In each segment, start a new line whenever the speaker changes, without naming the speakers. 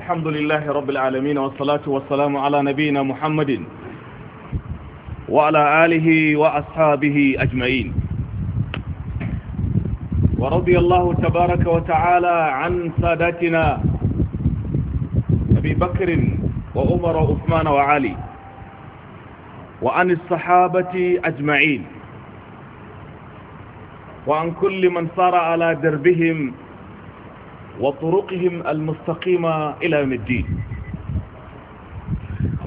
الحمد لله رب العالمين والصلاة والسلام على نبينا محمد وعلى آله وأصحابه أجمعين ورضي الله تبارك وتعالى عن سادتنا أبي بكر وعمر وعثمان وعلي وعن الصحابة أجمعين وعن كل من صار على دربهم وطرقهم المستقيمة إلى يوم الدين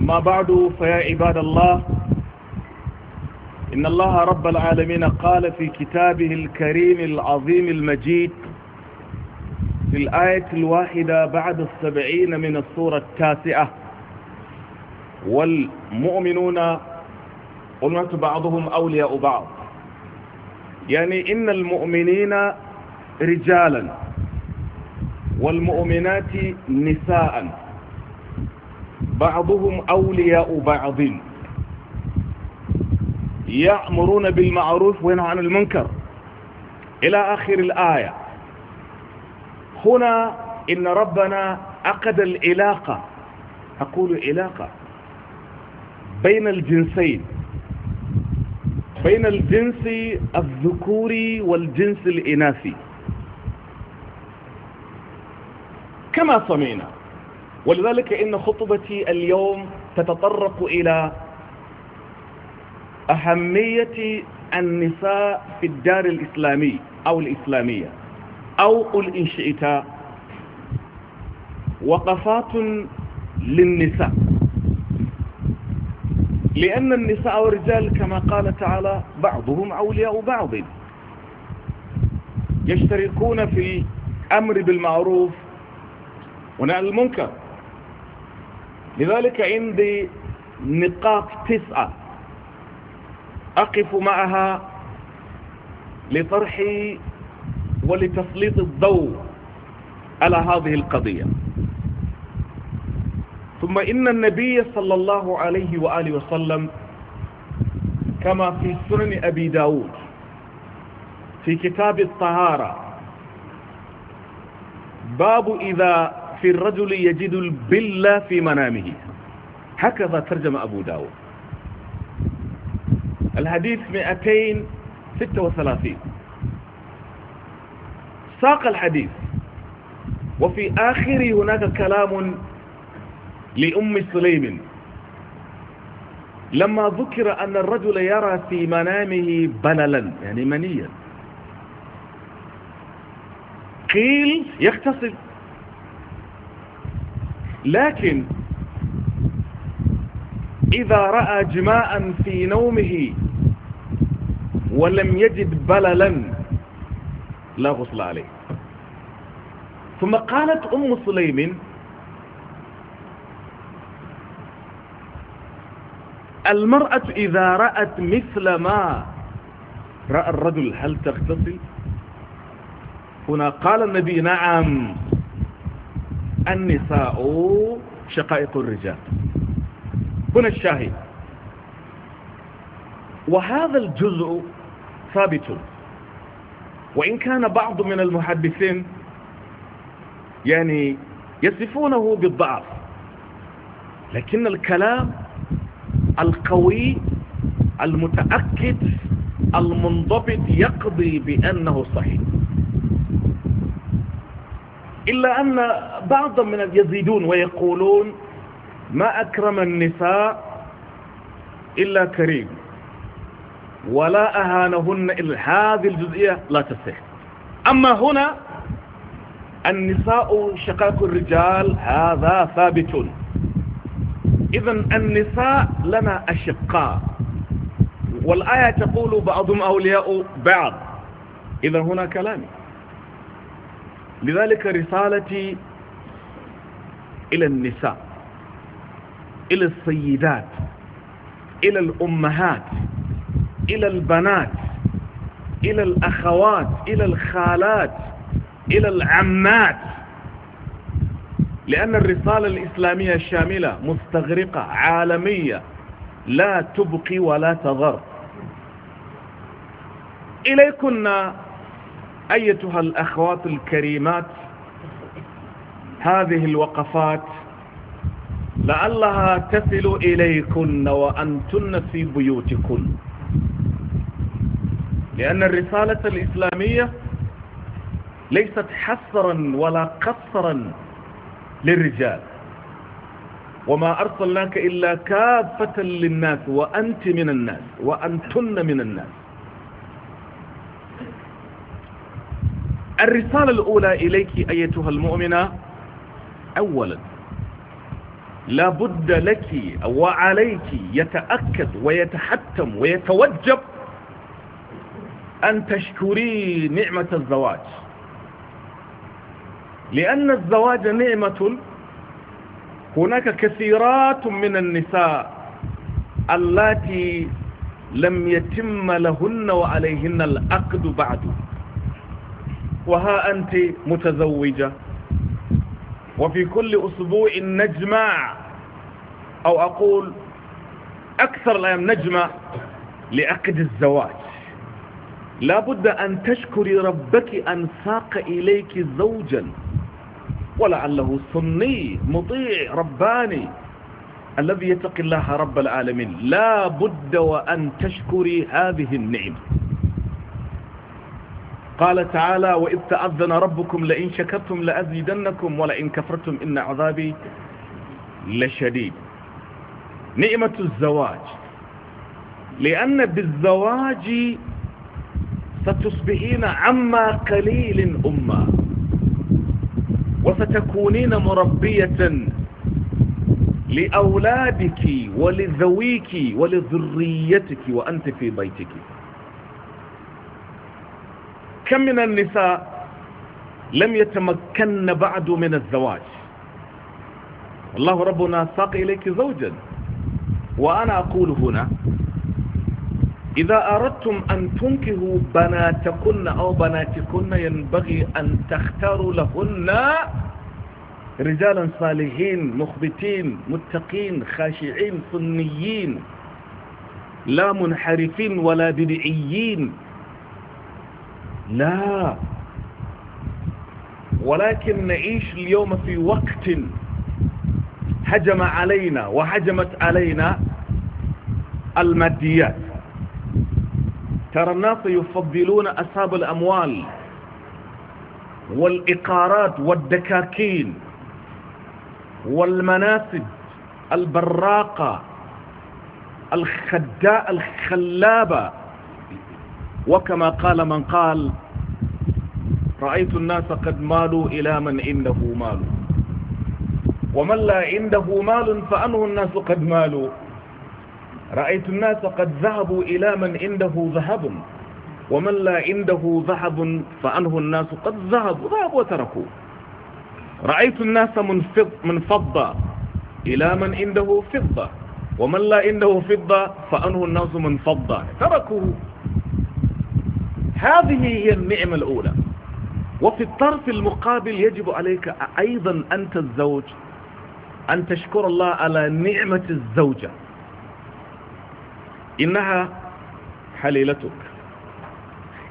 أما بعد فيا عباد الله إن الله رب العالمين قال في كتابه الكريم العظيم المجيد في الآية الواحدة بعد السبعين من السورة التاسعة والمؤمنون أمة بعضهم أولياء بعض يعني إن المؤمنين رجالاً والمؤمنات نساء بعضهم أولياء بعض يأمرون بالمعروف وينهى عن المنكر إلى آخر الآية هنا إن ربنا عقد العلاقة أقول علاقة بين الجنسين بين الجنس الذكوري والجنس الإناثي كما سمعنا ولذلك إن خطبتي اليوم تتطرق إلى أهمية النساء في الدار الإسلامي أو الإسلامية أو قل إن شئت وقفات للنساء لأن النساء والرجال كما قال تعالى بعضهم أولياء بعض يشتركون في الأمر بالمعروف عن المنكر لذلك عندي نقاط تسعة أقف معها لطرح ولتسليط الضوء على هذه القضية ثم إن النبي صلى الله عليه وآله وسلم كما في سنن أبي داود في كتاب الطهارة باب إذا في الرجل يجد البلة في منامه هكذا ترجم أبو داود الحديث 236 ساق الحديث وفي آخر هناك كلام لأم سليم لما ذكر أن الرجل يرى في منامه بللا يعني منيا قيل يغتسل لكن إذا رأى جماعا في نومه ولم يجد بللا لا غسل عليه ثم قالت أم سليم المرأة إذا رأت مثل ما رأى الرجل هل تغتسل هنا قال النبي نعم النساء شقائق الرجال هنا الشاهد وهذا الجزء ثابت وإن كان بعض من المحدثين يعني يصفونه بالضعف لكن الكلام القوي المتأكد المنضبط يقضي بأنه صحيح إلا أن بعضا من يزيدون ويقولون ما أكرم النساء إلا كريم ولا أهانهن إلا هذه الجزئية لا تصح أما هنا النساء شقاق الرجال هذا ثابت إذا النساء لنا أشقاء والآية تقول بعضهم أولياء بعض إذا هنا كلامي لذلك رسالتي إلى النساء إلى السيدات إلى الأمهات إلى البنات إلى الأخوات إلى الخالات إلى العمات لأن الرسالة الإسلامية الشاملة مستغرقة عالمية لا تبقي ولا تضر إليكن أيتها الأخوات الكريمات هذه الوقفات لعلها تصل إليكن وأنتن في بيوتكن لأن الرسالة الإسلامية ليست حصرا ولا قصرا للرجال وما أرسلناك إلا كافة للناس وأنت من الناس وأنتن من الناس الرسالة الأولى إليك أيتها المؤمنة أولا لا بد لك وعليك يتأكد ويتحتم ويتوجب أن تشكري نعمة الزواج لأن الزواج نعمة هناك كثيرات من النساء اللاتي لم يتم لهن وعليهن العقد بعد وها أنت متزوجة وفي كل أسبوع نجمع أو أقول أكثر الأيام نجمع لعقد الزواج لابد أن تشكري ربك أن ساق إليك زوجا ولعله سني مطيع رباني الذي يتقي الله رب العالمين لا بد وأن تشكري هذه النعمة قال تعالى وإذ تأذن ربكم لئن شكرتم لأزيدنكم ولئن كفرتم إن عذابي لشديد نعمة الزواج لأن بالزواج ستصبحين عما قليل أمة وستكونين مربية لأولادك ولذويك ولذريتك وأنت في بيتك كم من النساء لم يتمكن بعد من الزواج الله ربنا ساق إليك زوجا وأنا أقول هنا إذا أردتم أن تنكهوا بناتكن أو بناتكن ينبغي أن تختاروا لهن رجالا صالحين مخبتين متقين خاشعين سنيين لا منحرفين ولا بدعيين لا ولكن نعيش اليوم في وقت هجم علينا وهجمت علينا الماديات ترى الناس يفضلون أصحاب الأموال والإقارات والدكاكين والمناسب البراقة الخداء الخلابة وكما قال من قال رأيت الناس قد مالوا إلى من عنده مال ومن لا عنده مال فأنه الناس قد مالوا رأيت الناس قد ذهبوا إلى من عنده ذهب ومن لا عنده ذهب فأنه الناس قد ذهبوا ذهبوا وتركوا رأيت الناس من فضة إلى من عنده فضة ومن لا عنده فضة فأنه الناس من فضة تركوه هذه هي النعمة الأولى وفي الطرف المقابل يجب عليك أيضا أنت الزوج أن تشكر الله على نعمة الزوجة إنها حليلتك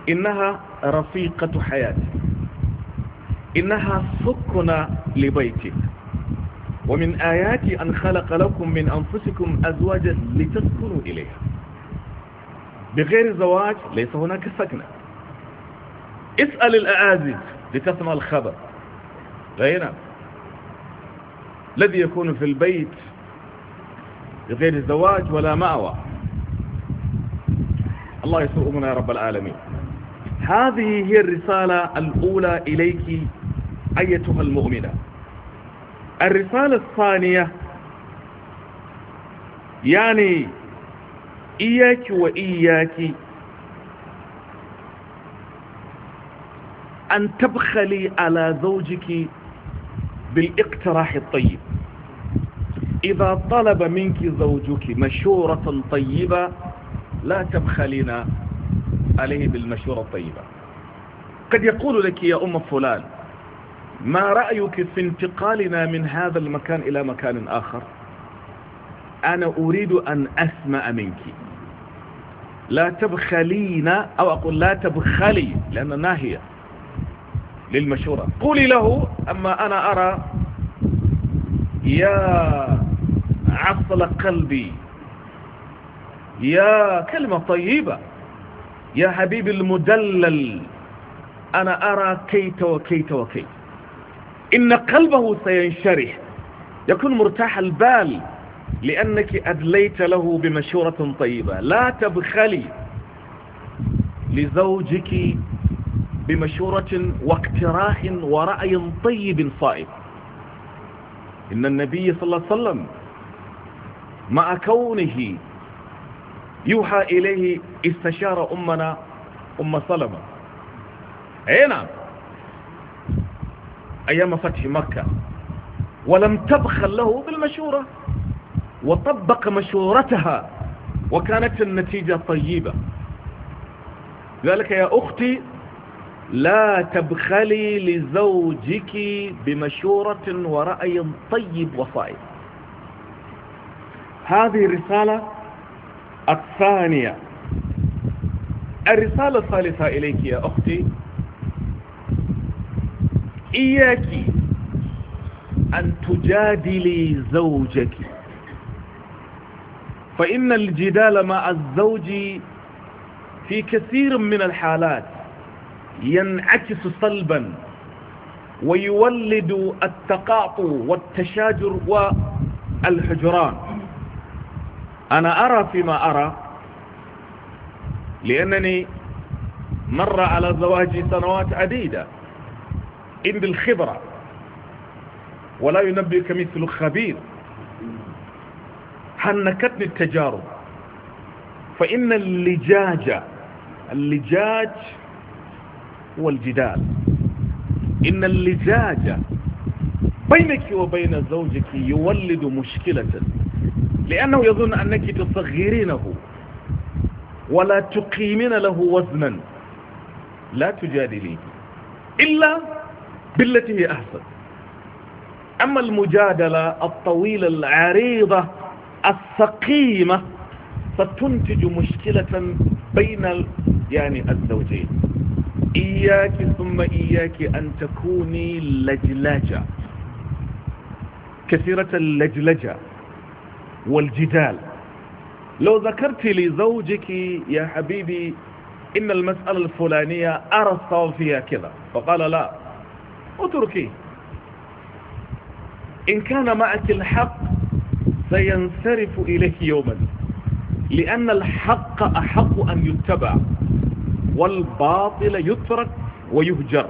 إنها رفيقة حياتك إنها سكن لبيتك ومن آيات أن خلق لكم من أنفسكم أزواجا لتسكنوا إليها بغير زواج ليس هناك سكنه اسأل الأعازي لتسمع الخبر غير نعم. الذي يكون في البيت بغير الزواج ولا مأوى الله يسوءمنا يا رب العالمين هذه هي الرسالة الأولى إليك أيتها المؤمنة الرسالة الثانية يعني إياك وإياك أن تبخلي على زوجك بالاقتراح الطيب إذا طلب منك زوجك مشورة طيبة لا تبخلين عليه بالمشورة الطيبة قد يقول لك يا أم فلان ما رأيك في انتقالنا من هذا المكان إلى مكان آخر أنا أريد أن أسمع منك لا تبخلين أو أقول لا تبخلي لأن ناهية للمشورة قولي له أما أنا أرى يا عصل قلبي يا كلمة طيبة يا حبيبي المدلل أنا أرى كيت وكيت وكيت إن قلبه سينشرح يكون مرتاح البال لأنك أدليت له بمشورة طيبة لا تبخلي لزوجك بمشورة واقتراح ورأي طيب صائب إن النبي صلى الله عليه وسلم مع كونه يوحى إليه استشار أمنا أم سلمة أين نعم. أيام فتح مكة ولم تبخل له بالمشورة وطبق مشورتها وكانت النتيجة طيبة ذلك يا أختي لا تبخلي لزوجك بمشورة ورأي طيب وصائب هذه الرسالة الثانية الرسالة الثالثة إليك يا أختي إياك أن تجادلي زوجك فإن الجدال مع الزوج في كثير من الحالات ينعكس صلبا ويولد التقاطع والتشاجر والحجران أنا أرى فيما أرى لأنني مر على زواجي سنوات عديدة إن بالخبرة ولا ينبئك مثل خبير حنكتني التجارب فإن اللجاج اللجاج والجدال إن اللجاج بينك وبين زوجك يولد مشكلة لأنه يظن أنك تصغرينه ولا تقيمين له وزنا لا تجادليه إلا بالتي هي أحسن أما المجادلة الطويلة العريضة السقيمة ستنتج مشكلة بين يعني الزوجين إياك ثم إياك أن تكوني لجلجة كثيرة اللجلجة والجدال لو ذكرت لزوجك يا حبيبي إن المسألة الفلانية أرى الصواب فيها كذا فقال لا اتركيه إن كان معك الحق سينصرف إليه يوما لأن الحق أحق أن يتبع والباطل يترك ويهجر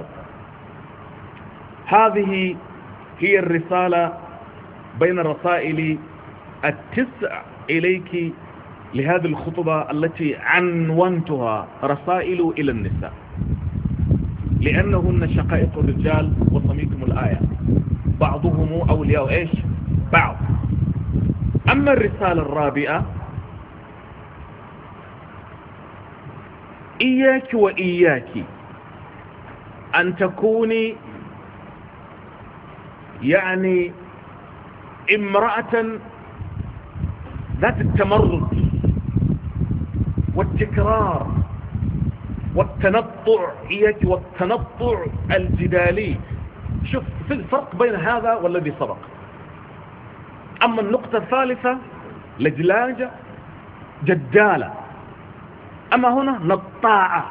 هذه هي الرسالة بين الرسائل التسع إليك لهذه الخطبة التي عنونتها رسائل إلى النساء لأنهن شقائق الرجال وصميكم الآية بعضهم أولياء إيش بعض أما الرسالة الرابعة إياك وإياك أن تكوني يعني امرأة ذات التمرد والتكرار والتنطع إياك والتنطع الجدالي شوف في الفرق بين هذا والذي سبق أما النقطة الثالثة لجلاجة جدالة أما هنا نطاعة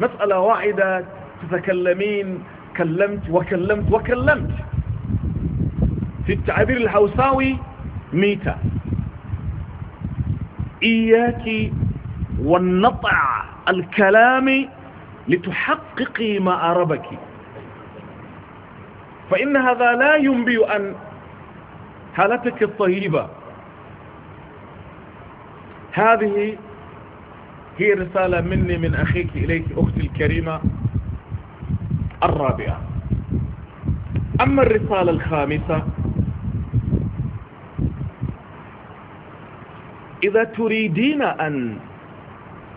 مسألة واحدة تتكلمين كلمت وكلمت وكلمت في التعبير الحوساوي ميتة إياك والنطع الكلام لتحققي ما أربك فإن هذا لا ينبي أن حالتك الطيبة هذه هي رسالة مني من أخيك إليك أختي الكريمة الرابعة أما الرسالة الخامسة إذا تريدين أن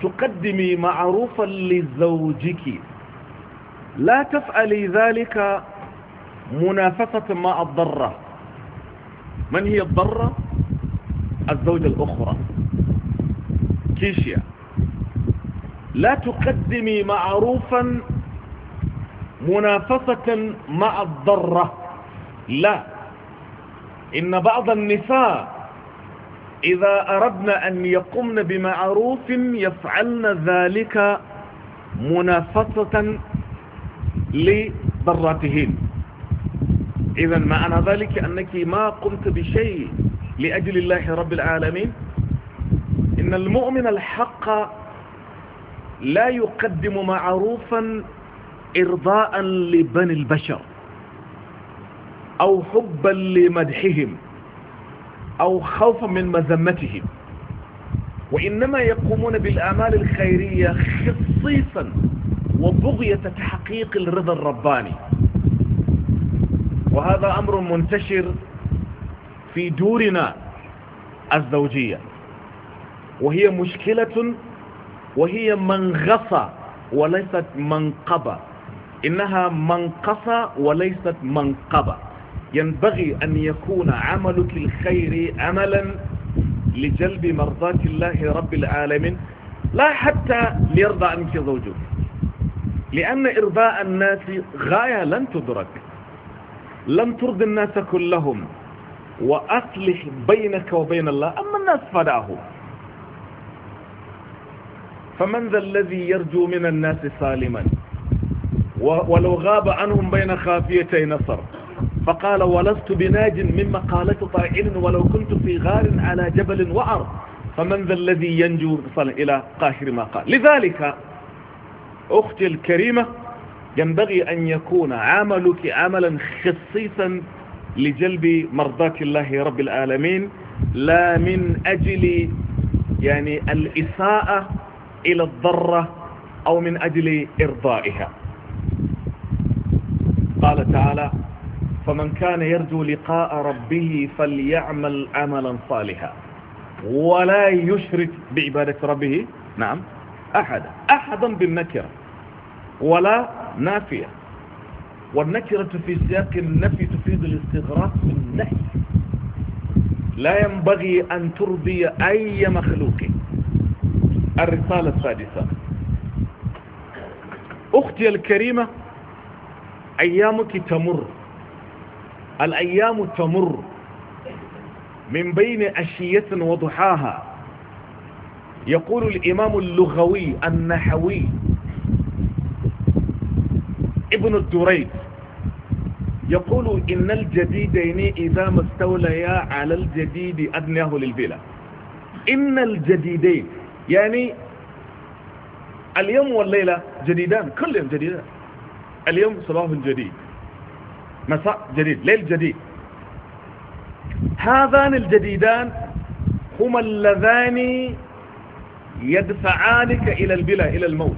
تقدمي معروفا لزوجك لا تفعلي ذلك منافسة مع الضرة من هي الضرة؟ الزوجة الأخرى كيشيا لا تقدمي معروفا منافسة مع الضرة لا إن بعض النساء إذا أردنا أن يقمن بمعروف يفعلن ذلك منافسة لضرتهن إذا معنى ذلك أنك ما قمت بشيء لأجل الله رب العالمين إن المؤمن الحق لا يقدم معروفا إرضاء لبني البشر أو حبا لمدحهم أو خوفا من مذمتهم وإنما يقومون بالأعمال الخيرية خصيصا وبغية تحقيق الرضا الرباني وهذا أمر منتشر في دورنا الزوجية وهي مشكلة وهي منغصة وليست منقبة إنها منقصة وليست منقبة ينبغي أن يكون عملك الخير عملا لجلب مرضات الله رب العالمين لا حتى ليرضى عنك زوجك لأن إرضاء الناس غاية لن تدرك لن ترضي الناس كلهم وأصلح بينك وبين الله أما الناس فدعهم فمن ذا الذي يرجو من الناس سالما ولو غاب عنهم بين خافيتي نصر فقال ولست بناج من مقالة طائل ولو كنت في غار على جبل وعر فمن ذا الذي ينجو صل إلى قاهر ما قال لذلك أختي الكريمة ينبغي أن يكون عملك عملا خصيصا لجلب مرضات الله رب العالمين لا من أجل يعني الإساءة إلى الضرة أو من أجل إرضائها قال تعالى فمن كان يرجو لقاء ربه فليعمل عملا صالحا ولا يشرك بعبادة ربه نعم أحدا أحدا بالنكرة ولا نافية والنكرة في سياق النفي تفيد الاستغراق بالنهي لا ينبغي أن ترضي أي مخلوق الرسالة السادسة أختي الكريمة أيامك تمر الأيام تمر من بين أشية وضحاها يقول الإمام اللغوي النحوي ابن الدريد يقول إن الجديدين إذا ما استوليا على الجديد أدناه للبلا إن الجديدين يعني اليوم والليلة جديدان كل يوم جديدان اليوم صباح جديد مساء جديد ليل جديد هذان الجديدان هما اللذان يدفعانك إلى البلا إلى الموت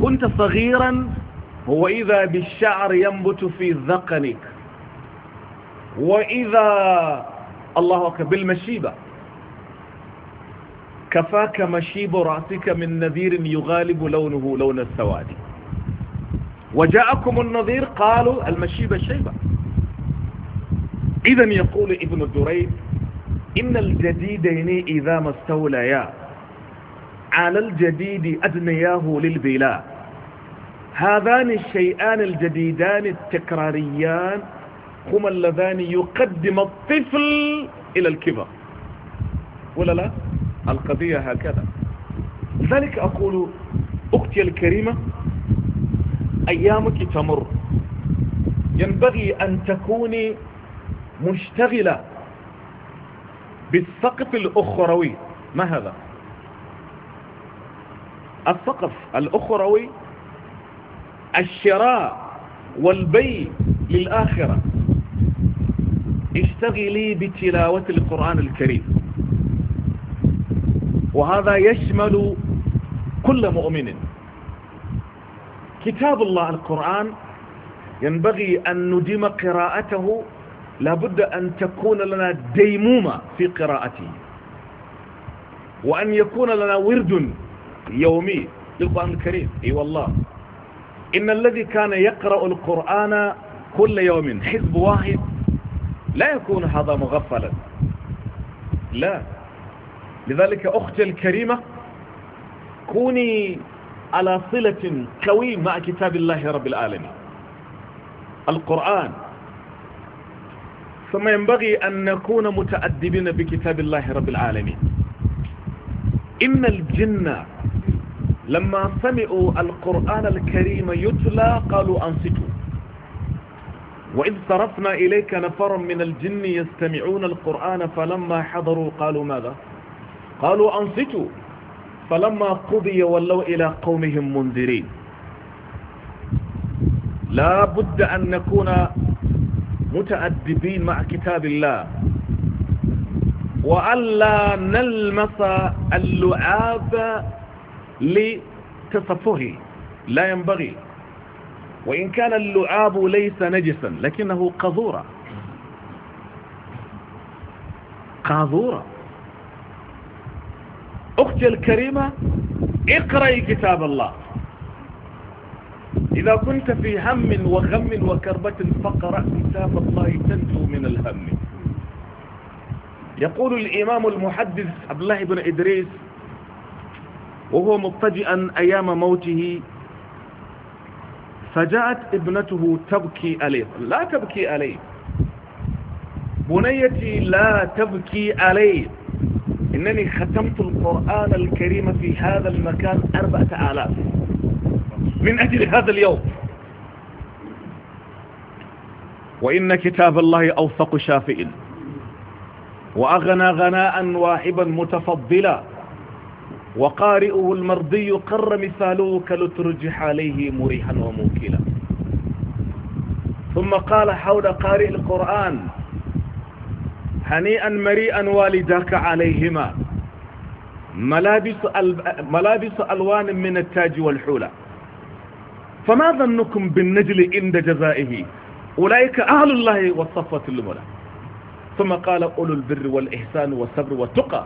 كنت صغيرا وإذا بالشعر ينبت في ذقنك وإذا الله أكبر بالمشيبة كفاك مشيب رأسك من نذير يغالب لونه لون السواد وجاءكم النذير قالوا المشيب الشيبة إذا يقول ابن الدريد إن الجديدين إذا ما استوليا على الجديد أدنياه للبلا هذان الشيئان الجديدان التكراريان هما اللذان يقدم الطفل إلى الكبر ولا لا؟ القضية هكذا لذلك أقول أختي الكريمة أيامك تمر ينبغي أن تكوني مشتغلة بالثقف الأخروي ما هذا الثقف الأخروي الشراء والبيع للآخرة اشتغلي بتلاوة القرآن الكريم وهذا يشمل كل مؤمن كتاب الله القرآن ينبغي أن نديم قراءته لابد أن تكون لنا ديمومة في قراءته وأن يكون لنا ورد يومي للقرآن الكريم أي والله إن الذي كان يقرأ القرآن كل يوم حزب واحد لا يكون هذا مغفلا لا لذلك أختي الكريمة كوني على صلة قوية مع كتاب الله رب العالمين القرآن ثم ينبغي أن نكون متأدبين بكتاب الله رب العالمين إن الجن لما سمعوا القرآن الكريم يتلى قالوا أنصتوا وإذ صرفنا إليك نفر من الجن يستمعون القرآن فلما حضروا قالوا ماذا؟ قالوا أنصتوا فلما قضي ولوا إلى قومهم منذرين لا بد أن نكون متأدبين مع كتاب الله وألا نلمس اللعاب لتصفه لا ينبغي وإن كان اللعاب ليس نجسا لكنه قذورة قذورة أختي الكريمة اقرأي كتاب الله إذا كنت في هم وغم وكربة فقرأ كتاب الله تنجو من الهم يقول الإمام المحدث عبد الله بن إدريس وهو مضطجئا أيام موته فجاءت ابنته تبكي عليه لا تبكي عليه بنيتي لا تبكي عليه إنني ختمت القرآن الكريم في هذا المكان أربعة آلاف من أجل هذا اليوم وإن كتاب الله أوثق شافئ وأغنى غناء واهبا متفضلا وقارئه المرضي قر مثاله كلترجح عليه مريحا وموكلا ثم قال حول قارئ القرآن هنيئا مريئا والداك عليهما ملابس, ملابس ألوان من التاج والحولة فما ظنكم بالنجل عند جزائه أولئك أهل الله والصفوة الملا ثم قال أولو البر والإحسان والصبر والتقى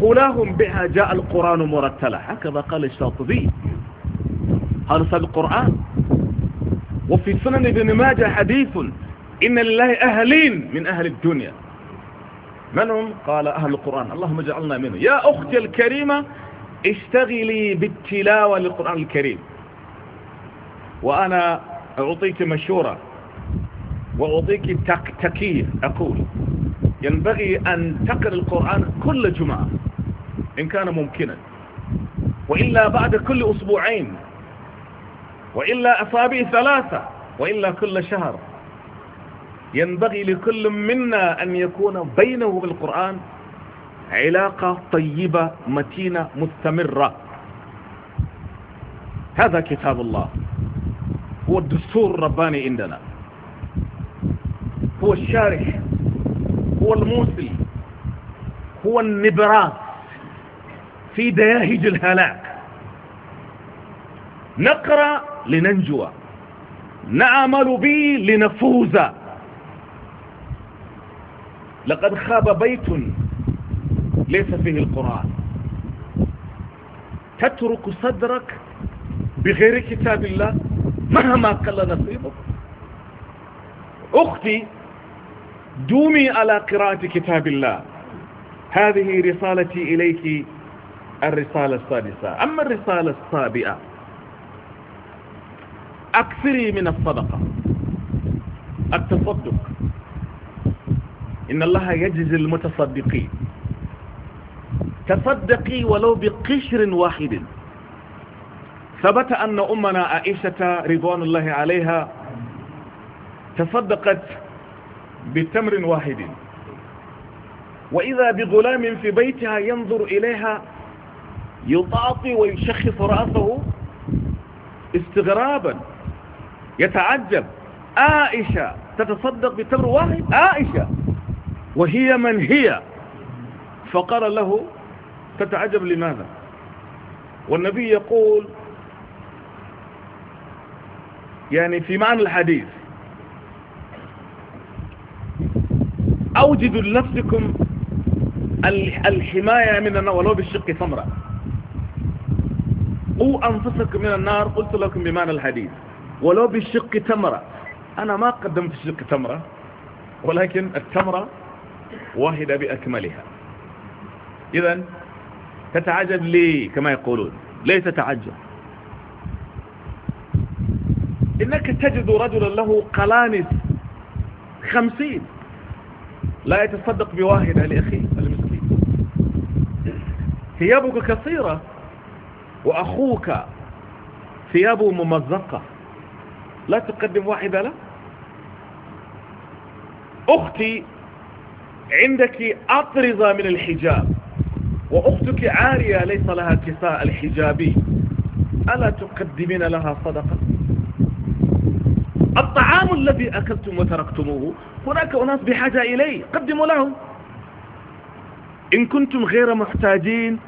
خلاهم بها جاء القرآن مرتلا هكذا قال الشاطبي هذا سبب القرآن وفي سنن ابن ماجه حديث إن لله أهلين من أهل الدنيا من هم قال أهل القرآن اللهم اجعلنا منه يا أختي الكريمة اشتغلي بالتلاوة للقرآن الكريم وأنا أعطيك مشورة وأعطيك تكتكية أقول ينبغي أن تقرأ القرآن كل جمعة إن كان ممكنا وإلا بعد كل أسبوعين وإلا أصابع ثلاثة وإلا كل شهر ينبغي لكل منا أن يكون بينه بالقرآن علاقة طيبة متينة مستمرة هذا كتاب الله هو الدستور الرباني عندنا هو الشارح هو الموصل هو النبرات في دياهج الهلاك نقرأ لننجو نعمل به لنفوز لقد خاب بيت ليس فيه القرآن تترك صدرك بغير كتاب الله مهما قل نصيبك أختي دومي على قراءة كتاب الله هذه رسالتي إليك الرسالة السادسة أما الرسالة السابعة أكثري من الصدقة التصدق إن الله يجزي المتصدقين تصدقي ولو بقشر واحد ثبت أن أمنا عائشة رضوان الله عليها تصدقت بتمر واحد وإذا بغلام في بيتها ينظر إليها يطاطي ويشخص رأسه استغرابا يتعجب عائشة تتصدق بتمر واحد عائشة وهي من هي فقال له تتعجب لماذا والنبي يقول يعني في معنى الحديث أوجدوا لنفسكم الحماية من النار ولو بالشق ثمرة قو أنفسكم من النار قلت لكم بمعنى الحديث ولو بالشق تمرة أنا ما قدمت الشق تمرة ولكن الثمرة واحدة بأكملها إذا تتعجب لي كما يقولون ليس تتعجب إنك تجد رجلا له قلانس خمسين لا يتصدق بواحدة لأخيه المسكين ثيابك كثيرة وأخوك ثيابه ممزقة لا تقدم واحدة له أختي عندك أطرزة من الحجاب وأختك عارية ليس لها كساء الحجابي ألا تقدمين لها صدقة الطعام الذي أكلتم وتركتموه هناك أناس بحاجة إليه قدموا لهم إن كنتم غير محتاجين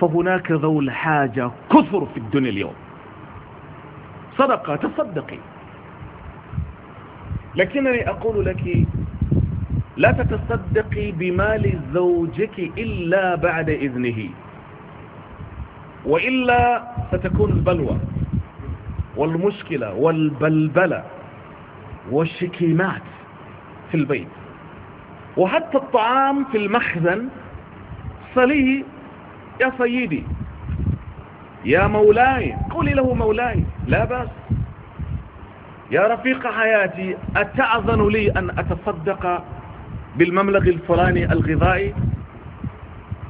فهناك ذو الحاجة كثر في الدنيا اليوم صدقة تصدقي لكنني أقول لك لا تتصدقي بمال زوجك إلا بعد إذنه وإلا ستكون البلوى والمشكلة والبلبلة والشكيمات في البيت وحتى الطعام في المخزن صليه يا سيدي يا مولاي قولي له مولاي لا بأس يا رفيق حياتي أتعظن لي أن أتصدق بالمبلغ الفلاني الغذائي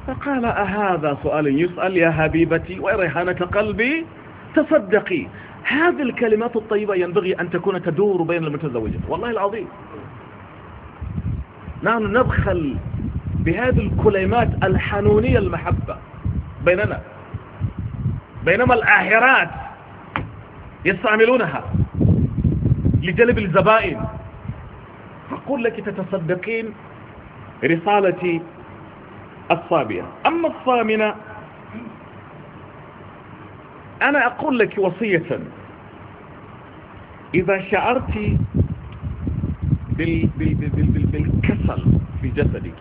فقال أهذا سؤال يسأل يا حبيبتي وريحانة قلبي تصدقي هذه الكلمات الطيبة ينبغي أن تكون تدور بين المتزوجين والله العظيم نحن نبخل بهذه الكلمات الحنونية المحبة بيننا بينما الآهرات يستعملونها لجلب الزبائن أقول لك تتصدقين رسالتي الصابية أما الصامنة أنا أقول لك وصية إذا شعرت بالكسل في جسدك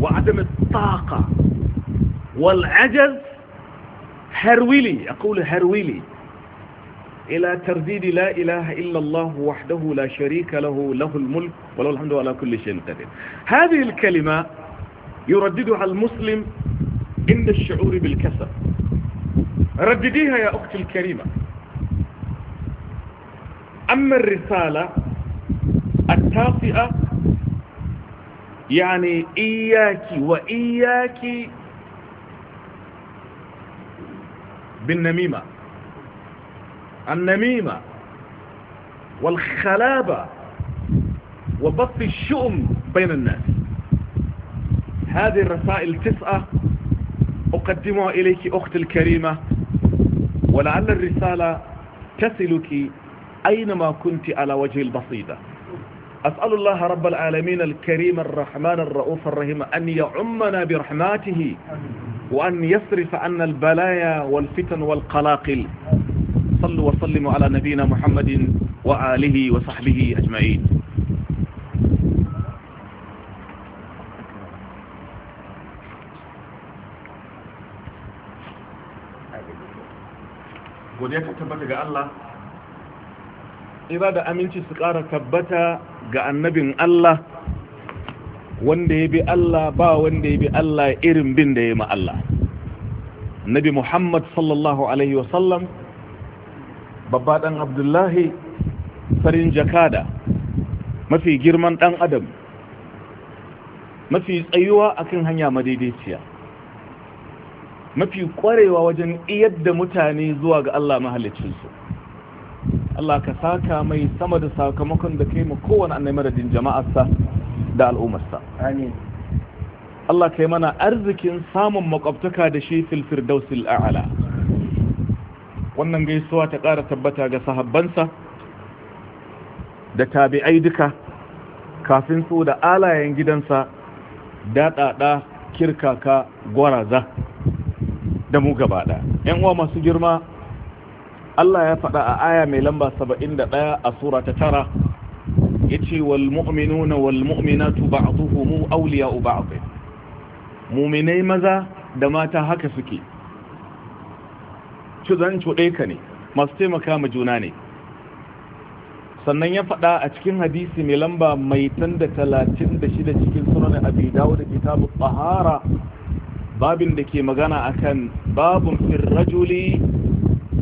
وعدم الطاقة والعجز هرولي أقول هرولي إلى ترديد لا إله إلا الله وحده لا شريك له له الملك وله الحمد على كل شيء قدير هذه الكلمة يرددها المسلم عند الشعور بالكسل ردديها يا أختي الكريمة أما الرسالة التاطئة يعني إياك وإياك بالنميمة النميمة والخلابة وبط الشؤم بين الناس هذه الرسائل تسعة أقدمها إليك أختي الكريمة ولعل الرسالة تصلك أينما كنت على وجه البصيدة أسأل الله رب العالمين الكريم الرحمن الرؤوف الرحيم أن يعمنا برحماته وأن يصرف عنا البلايا والفتن والقلاقل وصلوا وصلموا على نبينا محمد وآله وصحبه أجمعين godiya ka tabbata ga Allah ira da aminci su ƙara tabbata ga annabin Allah wanda ya bi Allah ba wanda ya bi Allah irin bin da ya ma Allah Nabi Muhammad sallallahu Alaihi wasallam babba ɗan abdullahi farin jakada mafi girman ɗan adam mafi tsayuwa akan hanya madaidaiciya mafi ƙwarewa wajen iyar da mutane zuwa ga Allah su. Allah ka saka mai sama da sakamakon da kai ma kowane annai madadin jama'arsa da al'ummarsa Allah ka yi mana arzikin samun makwabtaka da shi filfir dausil a'ala wannan gaisuwa ta ƙara tabbata ga sahabbansa da tabi'ai duka kafin su da alayen gidansa daɗaɗa kirkaka gwaraza da mu gaba ɗaya uwa masu girma Allah ya faɗa a aya mai lamba 71 a sura ta tara ya ce wal na wal mu ba'duhum awliya'u ba'd mu'minai maza da mata haka suke zan cuɗe ka ne masu taimaka ma juna ne sannan ya faɗa a cikin hadisi mai lamba mai tan da talatin da shida cikin sunan abi dawo da kitabu tsahara babin da ke magana akan babun firrajuli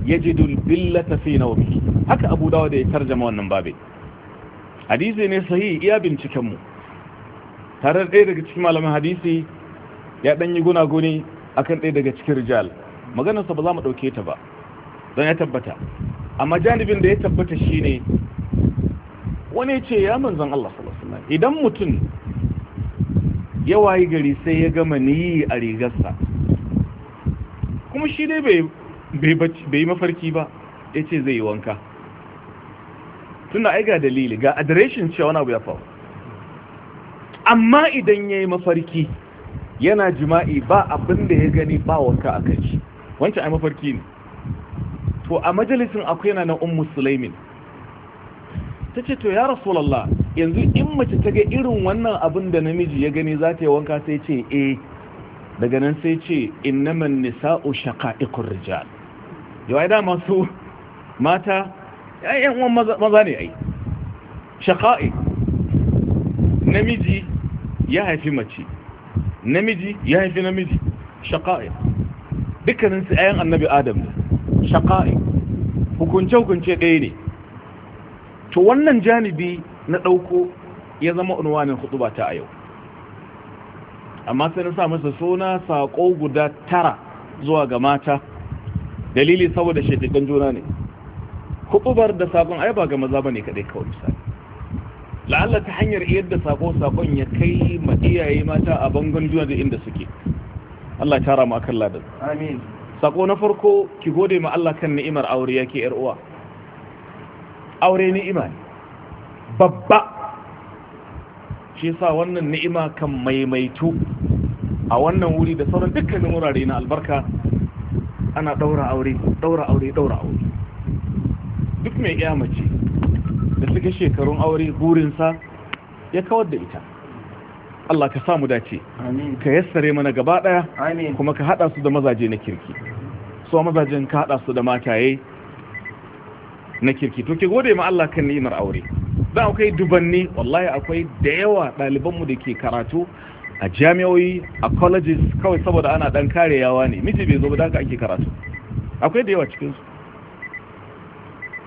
ya ji dulbilla tafi na wani haka abu dawo da ya tarjama wannan babin hadisi ne sahi iya bincikenmu tare da ɗaya daga cikin malamin hadisi ya ɗanyi guni akan ɗaya daga cikin rijal maganarsa ba za mu ɗauke ta ba don ya tabbata amma janibin da ya tabbata shine wani ce ya manzan Allah sallallahu idan mutum ya wayi gari sai ya gama niyi a rigarsa kuma shi dai bai yi mafarki ba ya ce zai yi wanka tunda ai ga dalili ga adireshin cewa wani abu ya faru amma idan ya yi mafarki yana jima'i ba abinda ya gani ba wanka a kai wancan ai mafarki ne to a majalisin akwai yana na ummu sulaimin ta ce to ya rasulallah yanzu in mace ta ga irin wannan abin da namiji ya gani za ta yi wanka sai ce eh daga nan sai ce innaman nisa'u shaqa'iqur rijal ai da masu mata ayyan uwan maza ne ai shaqa'i namiji ya haifi mace namiji ya haifi namiji shaqa'i dukkanin su ayan annabi adam ne shaqa'i hukunce hukunce ɗaya ne to wannan janibi na ɗauko ya zama unwanin hutuba ta a yau amma sai na sa masa suna sako guda tara zuwa ga mata dalili saboda shaidikan juna ne hutubar da saƙon ai ba ga maza ba ne kaɗai kawai misali la'alla ta hanyar yadda sako-sakon ya kai ma iyaye mata a bangon juna da inda suke Allah ya tara mu akan ladan amin sako na farko ki gode ma Allah kan ni'imar aure yake yar uwa aure ni'ima babba shi yasa wannan ni'ima kan maimaitu a wannan wuri da sauran dukkanin wurare na albarka ana daura aure daura aure daura aure duk mai iya mace da suka shekarun aure sa ya kawar da ita Allah ka samu dace ka yassare mana gaba daya kuma ka hada su da mazaje na kirki so mazajen ka hada su da mataye na kirki to ke gode ma Allah kan ni'imar aure da akwai dubanni wallahi akwai da yawa daliban da ke karatu a jami'o'i a colleges kawai saboda ana dan kare yawa ne miji bai zo ba ka ake karatu akwai da yawa cikin su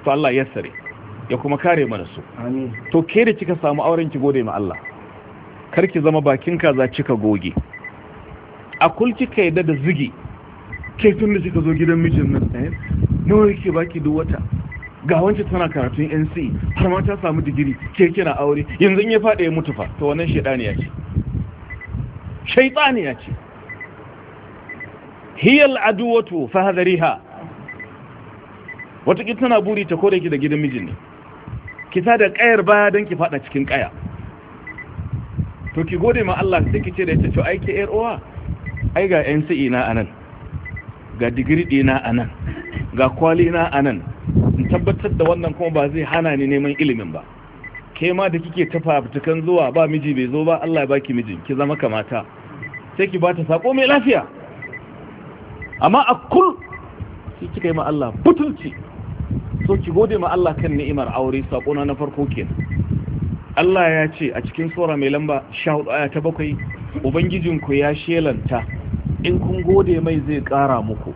to Allah yassare ya kuma kare mana su to ke da kika samu auren ki gode ma Allah karki zama bakin kaza kika goge a kulki ka yadda da zigi ke tun da kika zo gidan mijin nan ɗaya eh, nawa yake baki duk wata ga wancan tana karatun nc har ma ta samu digiri ke kina aure yanzu in ya faɗa ya mutu fa to wannan ya ce ya ce hiyal aduwatu fa hadariha wata tana buri ta kore ki da gidan mijin ne ki ta da kayar baya don ki faɗa cikin kaya to ki gode ma Allah sai ki ce da ita to ai ke yar uwa ai ga NCE na anan ga digiri dina anan ga kwali na anan in tabbatar da wannan kuma ba zai hana ni neman ilimin ba ke ma da kike tafa fitukan zuwa ba miji bai zo ba Allah ya baki miji ki zama kamata sai ki bata sako mai lafiya amma a kul kika ma Allah butulci so ki gode ma Allah kan ni'imar aure sako na na farko kenan Allah ya ce a cikin sura mai lamba 14 aya ta bakwai ubangijinku ya shelanta in kun gode mai zai ƙara muku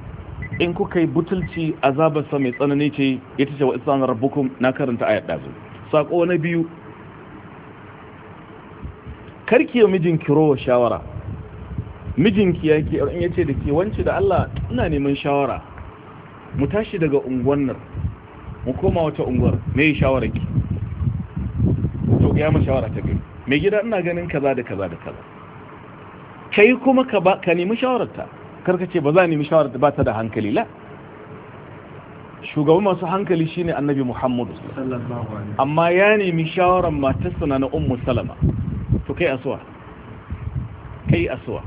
in kuka yi butulci azabarsa mai tsanani ce ya tace wa na rabukun na karanta ayat ɗazu saƙo na biyu karki wa mijinki rowa shawara mijinki ya ke in ya ce da ke wance da Allah ina neman shawara mu tashi daga unguwan nan mu koma wata unguwar me shawararki ya shawara ta gari mai gida ina ganin kaza da kaza da kaza kai kuma ka nemi ta karka ce ba za nemi ta ba ta da hankali la shugaban masu hankali shine annabi muhammadu amma ya nemi shawarar matarsa na na ummu salama to kai asuwa kai asuwa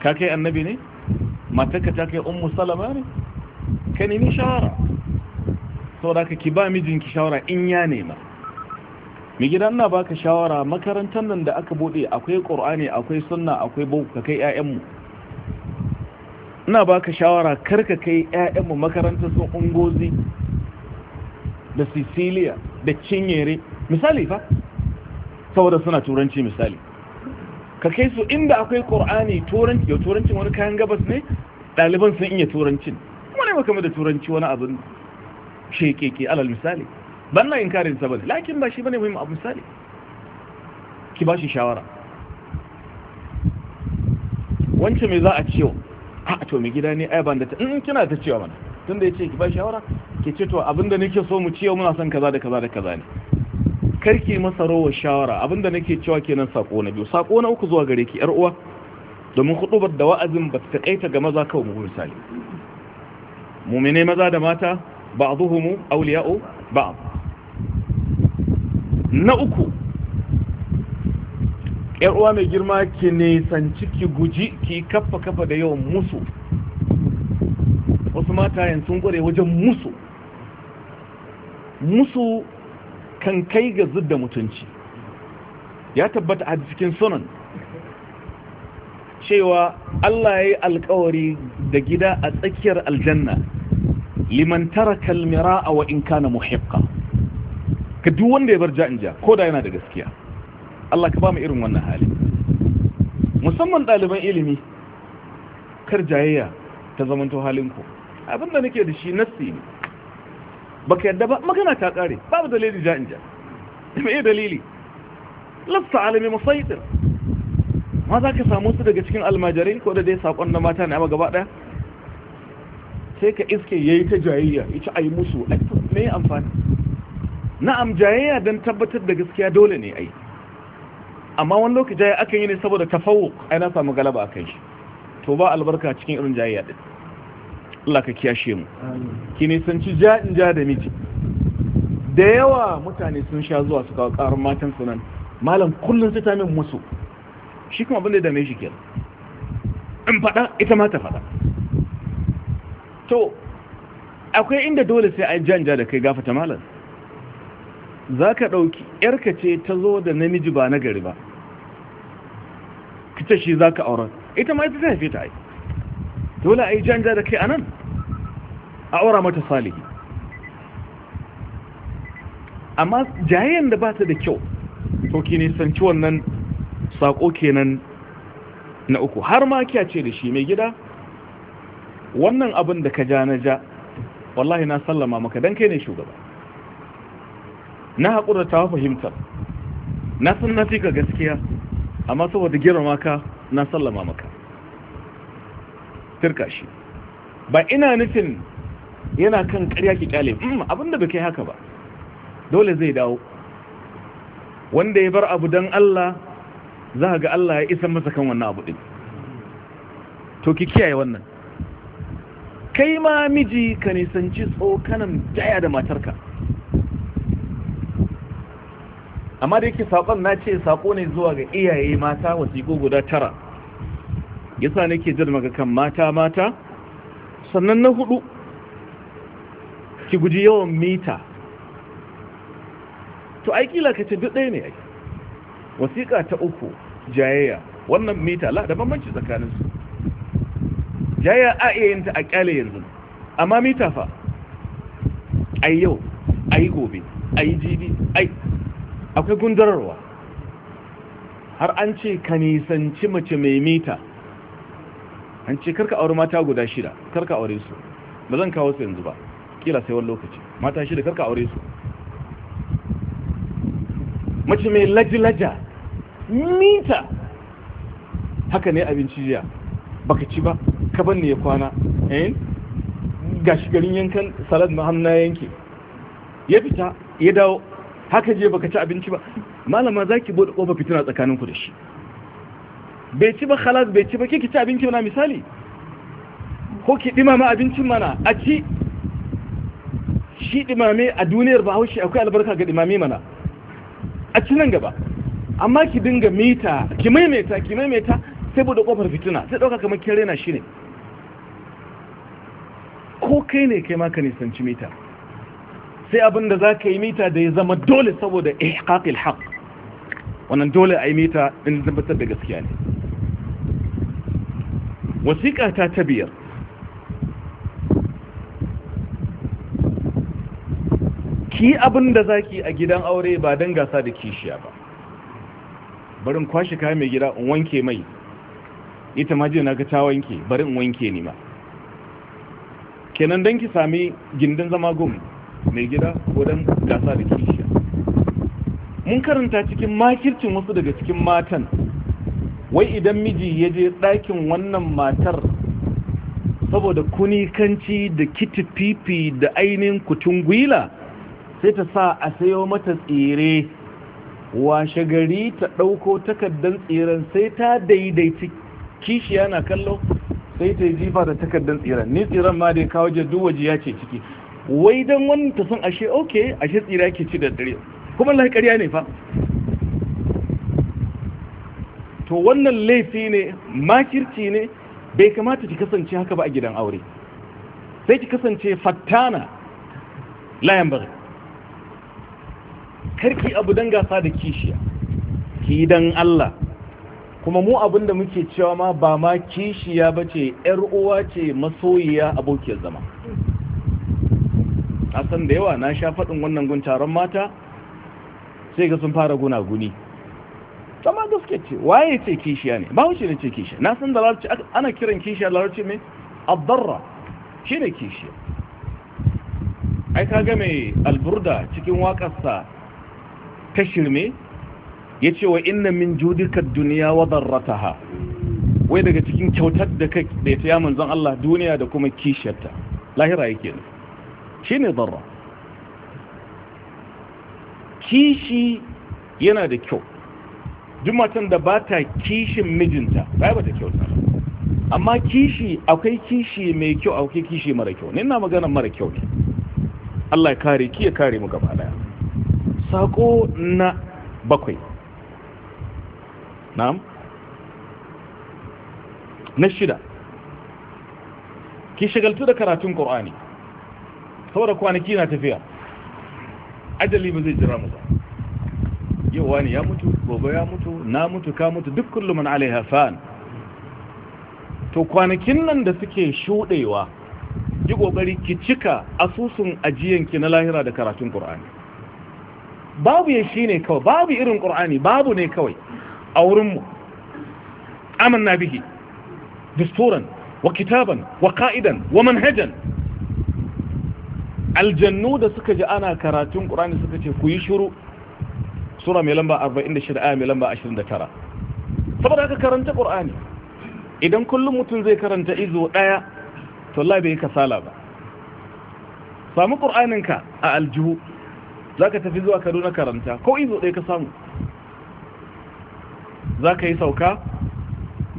ka kai annabi ne matarka ta kai ummu salama ne ka nemi shawara saboda ka ki ba mijinki shawara in ya nema mai gida ina baka shawara makarantar nan da aka bude akwai qur'ani akwai sunna akwai boko ka kai ƴaƴanmu ina baka shawara karka kai ƴaƴanmu makarantar sun ungozi da Sicilia da Cinyere misali fa saboda suna turanci misali ka kai su inda akwai qur'ani turanci yau turancin wani kayan gabas ne ɗaliban sun iya turancin kuma ne makama da turanci wani abin shekeke alal misali ban na inkarin sa bane lakin ba shi bane muhimmin abu misali ki ba shi shawara wancan me za a ciwo a to mai gida ne ai ban da ta in kina ta cewa mana tunda ce ki ba shawara ke ce to abinda nake so mu ciwo muna son kaza da kaza da kaza ne karki masa rawar shawara abinda nake cewa kenan sako na biyu sako na uku zuwa gare ki yar uwa domin hudubar da wa'azin ba ta kaita ga maza kawai mu misali mene maza da mata ba'dhuhum awliya'u ba'd na uku yar uwa mai girma ki nisanci ki guji ki kafa kafa da yawan musu wasu matayen sun gware wajen musu musu kan kai ga zidda mutunci ya tabbata a cikin sunan cewa Allah ya yi alkawari da gida a tsakiyar aljanna liman tara kalmira a wa in kana muhaifka. ka duk wanda ya bar ja'in ja ko da yana da gaskiya Allah ka ba mu irin wannan hali musamman ɗaliban ilimi kar jayayya ta zamanto halinku abinda nake da shi nassi ne baka yadda ba magana ta kare babu dalili ja'in ja me dalili lafsa alimi musaitir ma za ka samu su daga cikin almajirai ko da dai sakon na mata ne amma gaba ɗaya sai ka iske yayi ta jayayya ita yi musu ai me amfani na'am jayayya don tabbatar da gaskiya dole ne ai amma wani lokaci jayayya aka yi ne saboda tafawuk ai na samu galaba a kan shi to ba albarka cikin irin jayayya din Allah ka kiyashe mu ki ne san ci ja in ja da miji da yawa mutane sun sha zuwa su kawo karar matan su nan, malam kullum sai ta min musu shi kuma abin da mai shi kenan in faɗa ita ma ta faɗa to akwai inda dole sai a in ja da kai gafata malam za ka ɗauki ‘yarka ce ta zo da namiji ba na gari ba kice shi za ka auren ita ma ita ta haife ta yi, dole a yi janja da kai a nan a aura mata salihi amma jayen da ba ta da kyau to ki nisanci wannan saƙo kenan na uku har ma kya ce da shi mai gida wannan abin da ka ja na ja wallahi na sallama maka don kai ne shugaba na haƙura ta fahimta na san na fi ka gaskiya amma saboda girma ka na sallama maka turka shi ba ina nufin yana kan karya ki kyale mm, abinda bai kai haka ba dole zai dawo wanda ya bar abu don Allah za ga Allah ya isa masa kan wannan abu ɗin to ki kiyaye wannan kai ma miji ka nisanci tsokanan jaya da matarka amma da yake saƙon na ce saƙo ne zuwa ga iyaye mata wasiko guda tara yasa nake jirma maka kan mata mata sannan na hudu ki guji yawan mita to ai kila ka ce duk ɗaya ne ai wasiƙa ta uku jayayya wannan mita la da bambanci tsakaninsu jayayya a iya yin ta a ƙyale yanzu amma mita fa ai yau ai gobe ai jibi ai akwai gundararwa har an ce ka nisanci mace mai mita an ce karka aure mata guda shida karka aure su ba zan kawo su yanzu ba kila sai wani lokaci mata shida karka aure su mace mai lajilaja mita haka ne abinci jiya baka ci ba ka banne ya kwana eh gashi garin yankan salad ma hamna yanke ya fita ya dawo haka je baka ci abinci ba malama za ki bude kofa fitina tsakanin ku da shi bai ci ba khalas bai ci ba ki ci abinci mana misali ko ki ma abincin mana a ci shi dimame a duniyar bahaushe akwai albarka ga dimame mana a ci nan gaba amma ki dinga mita ki maimaita ki maimaita sai bude kofar fitina sai dauka kamar kin rena shi ne ko kai ne kai ma ka nisanci mita sai abin da za ka yi mita da ya zama dole saboda ihqaqil haq wannan dole a yi mita in zambatar da gaskiya ne wasiƙa ta ta biyar ki abin da za ki a gidan aure ba don gasa da kishiya ba barin kwashe kayan mai gida in wanke mai ita ma na ga ta wanke bari wanke ni ma kenan don ki sami gindin zama gumi mai gida ko don gasa da kishiya mun karanta cikin makircin wasu daga cikin matan wai idan miji ya je ɗakin wannan matar saboda kunikanci da kitififi da ainihin kutun gwila sai ta sa a sayo mata tsere. washe gari ta ɗauko takardar tseren, sai ta daidaiti kishiya na kallo sai ta yi jifa da takardar tseren. ni tseren ma dai kawo waje ya ce ciki wai don wani ta san ashe ok ashe tsira ke ci da dare kuma Allah ne fa to wannan laifi ne makirci ne bai kamata ki kasance haka ba a gidan aure sai ki kasance fattana layan bari karki abu don gasa da kishiya ki don Allah kuma mu abinda muke cewa ma ba ma kishiya ba ce uwa ce masoyiya abokiyar zama san da yawa na sha faɗin wannan gun taron mata sai ga sun fara gunaguni sama gaske ce waye ce kishiya ne ba wuce ne ce kishiya na san da larabci ana kiran kishiya larabci mai abdarra shi ne kishiya ai ka ga mai alburda cikin waƙarsa ta shirme ya ce wa inna min judika duniya wa darrataha wai daga cikin kyautar da ka da ya ta yamun zan Allah duniya da kuma kishiyarta lahira yake ne shi ne zarra kishi yana da kyau jumatan da ba ta kishin mijinta ba ba ta kyauta amma kishi akwai kishi mai kyau akwai kishi mara kyau ne na magana mara kyau ne Allah ya kare ki ya kare mu gaba daya sako na bakwai na'am na shida ki shagaltu da karatun qur'ani saboda kwanaki na tafiya ajali ba zai jira mu ba yau wani ya mutu gobe ya mutu na mutu ka mutu duk kullum an alaiha fa'an to kwanakin nan da suke shuɗewa yi ƙoƙari ki cika asusun ajiyanki na lahira da karatun ƙur'ani babu ya shi ne kawai babu irin ƙur'ani babu ne kawai a wurinmu amin na bihi dusturan wa kitaban wa ka'idan wa manhajan aljannu da suka ji ana karatun ƙurani suka ce ku yi shiru sura mai lamba 46 aya mai lamba 29 saboda haka karanta ƙurani idan kullum mutum zai karanta izo ɗaya to Allah bai kasala ba samu ƙur'aninka a aljihu za ka tafi zuwa kaduna karanta ko izo ɗaya ka samu za ka yi sauka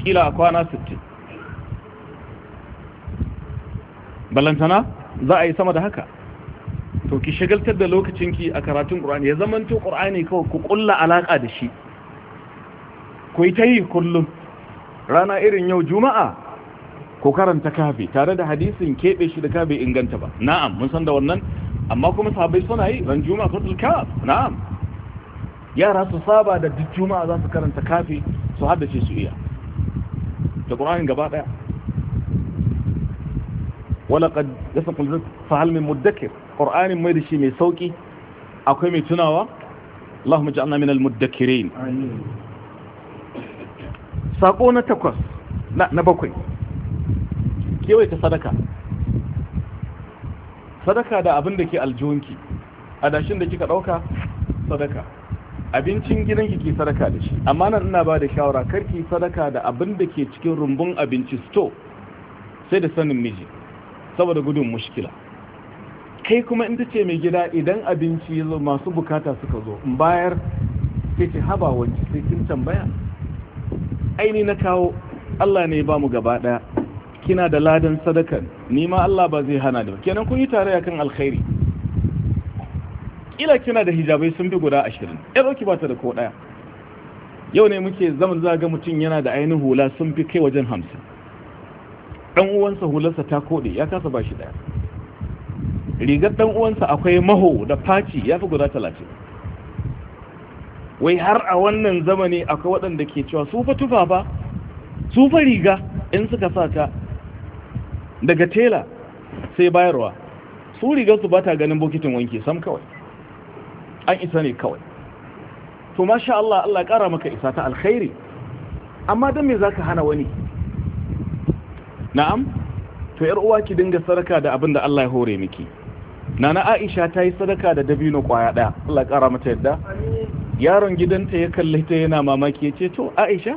kila a kwana 60 balantana za a yi sama da haka to ki shagaltar da lokacinki a karatun ƙur'ani ya zaman to ƙur'ani kawai ku ƙulla alaƙa da shi ku yi ta yi kullum rana irin yau juma'a ku karanta kafi tare da hadisin keɓe shi da kafi inganta ba na'am mun san da wannan amma kuma sahabbai suna yi ran juma'a ko kaf na'am yara su saba da duk juma'a za su karanta kafi su haddace su iya da Qur'ani gaba daya wala ya yasqul kulzin fahal min mudakkir ƙur'anin mai da shi mai sauƙi akwai mai tunawa Allahumma ja'alna minal muddakirin sako na takwas na bakwai kewaye ta sadaka sadaka da abin da ke aljihunki adashin da kika ɗauka sadaka abincin gidanki ke sadaka da shi amma nan ina ba da shawara karki sadaka da abin da ke cikin rumbun abinci sto sai da sanin miji saboda gudun mushkila kai kuma in ce mai gida idan abinci ya masu bukata suka zo in bayar sai ce haba wance sai kin tambaya aini na kawo Allah ne ba mu gaba daya kina da ladan sadakan ni Allah ba zai hana da kenan kun yi a kan alkhairi kila kina da hijabai sun bi guda 20 ya ɗauki ba ta da ko daya yau ne muke zaman zaga mutum yana da ainihin hula sun fi kai wajen 50 ɗan uwansa hularsa ta kode ya kasa bashi shi daya rigar ɗan uwansa akwai maho da faci ya fi guda talatin wai har a wannan zamani akwai waɗanda ke cewa su fa tufa ba su fa riga in suka sa ta daga tela sai bayarwa su rigar su ba ta ganin bokitin wanke sam kawai an isa ne kawai to masha Allah Allah ƙara maka isa ta alkhairi amma don me za ka hana wani na'am to yar uwa ki dinga saraka da abin da Allah ya hore miki nana aisha ta yi sadaka da dabino kwaya ɗaya allah ƙara mata yadda yaron gidanta ya kalli ta yana mamaki ya ce to aisha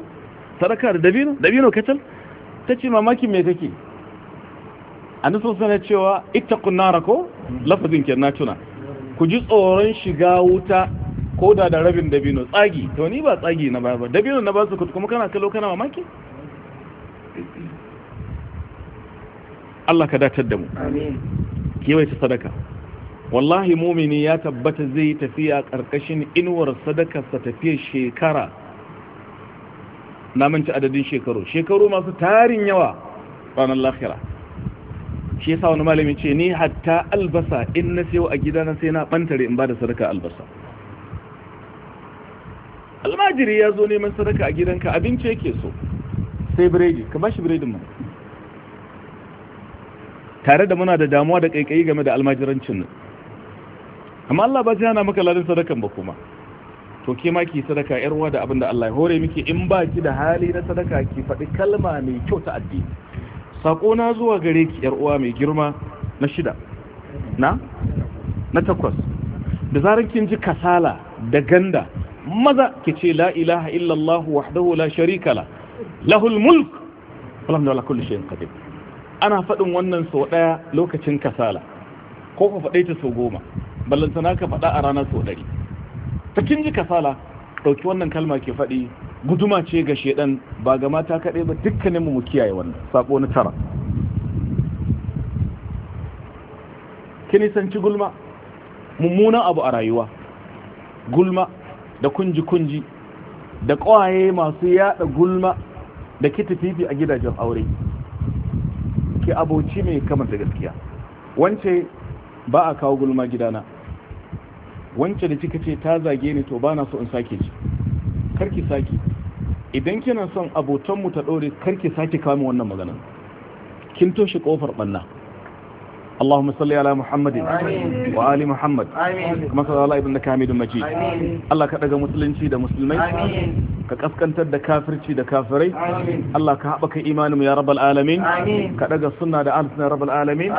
sadaka da dabino dabino kacal ta ce mamaki mai kake a nufin sana cewa ita kunnara ko lafazin ke na tuna ku ji tsoron shiga wuta ko da da rabin dabino tsagi to ni ba tsagi na ba ba dabino na ba su kuma kana kallo kana mamaki Allah ka datar da mu amin yawaita sadaka wallahi mumini ya tabbata zai tafiya ƙarƙashin inuwar sa tafiya shekara na manci adadin shekaru shekaru masu tarin yawa ranar lahira shi yasa wani malami ce ni hatta albasa in na sayo a gidana sai na bantare in bada sadaka albasa almajiri ya zo neman sadaka a gidanka abinci yake so sai biredi ka bashi biredin mana tare da muna da damuwa da kaikayi game da almajirancin nan amma Allah ba zai hana maka ladan sadakan ba kuma to ke ma ki sadaka yar uwa da abinda Allah ya hore miki in ba ki da hali na sadaka ki faɗi kalma mai kyau ta addini sako na zuwa gare ki yar uwa mai girma na shida na na takwas da zarar kin ji kasala da ganda maza ki ce la ilaha illallah wahdahu la sharika la lahul mulk walhamdu kulli shay'in qadir ana faɗin wannan sau ɗaya lokacin kasala ko ka faɗe ta sau goma na ka faɗa a ranar sau ɗari ta kin ji kasala ɗauki wannan kalma ke faɗi guduma ce ga shaidan ba ga mata kaɗai ba dukkanin mu kiyaye wannan sako na tara ki nisanci gulma mummunan abu a rayuwa gulma da kunji-kunji da ƙwaye masu yaɗa gulma da kitififi a gidajen aure ke aboci mai da gaskiya wance ba a kawo gulma gidana wance da kika ce ta zage ni to ba na so in sake ji karki sake idan kina son abotanmu ta ɗore karki sake kama wannan magana kin toshe ƙofar ɓanna اللهم صل على محمد وآل محمد كما صلى الله Majid. حميد مجيد الله كدغ مسلمين da musulmai. ka kaskantar da kafirci da kafirai Allah ka haɓaka imaninmu ya rabbal alamin ka daga sunna da amsina rabbal alamin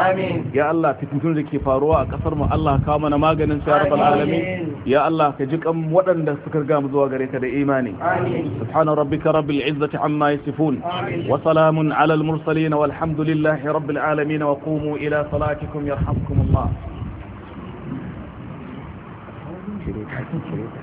ya Allah fitintun da ke faruwa a kasar mu Allah ka mana maganin ya rabbal alamin ya Allah ka ji kan waɗanda suka riga mu zuwa gare ka da imani subhana rabbika rabbil izzati amma yasifun wa salamun ala al mursalin walhamdulillahi rabbil alamin wa qumu ila salatikum yarhamkumullah
Thank you.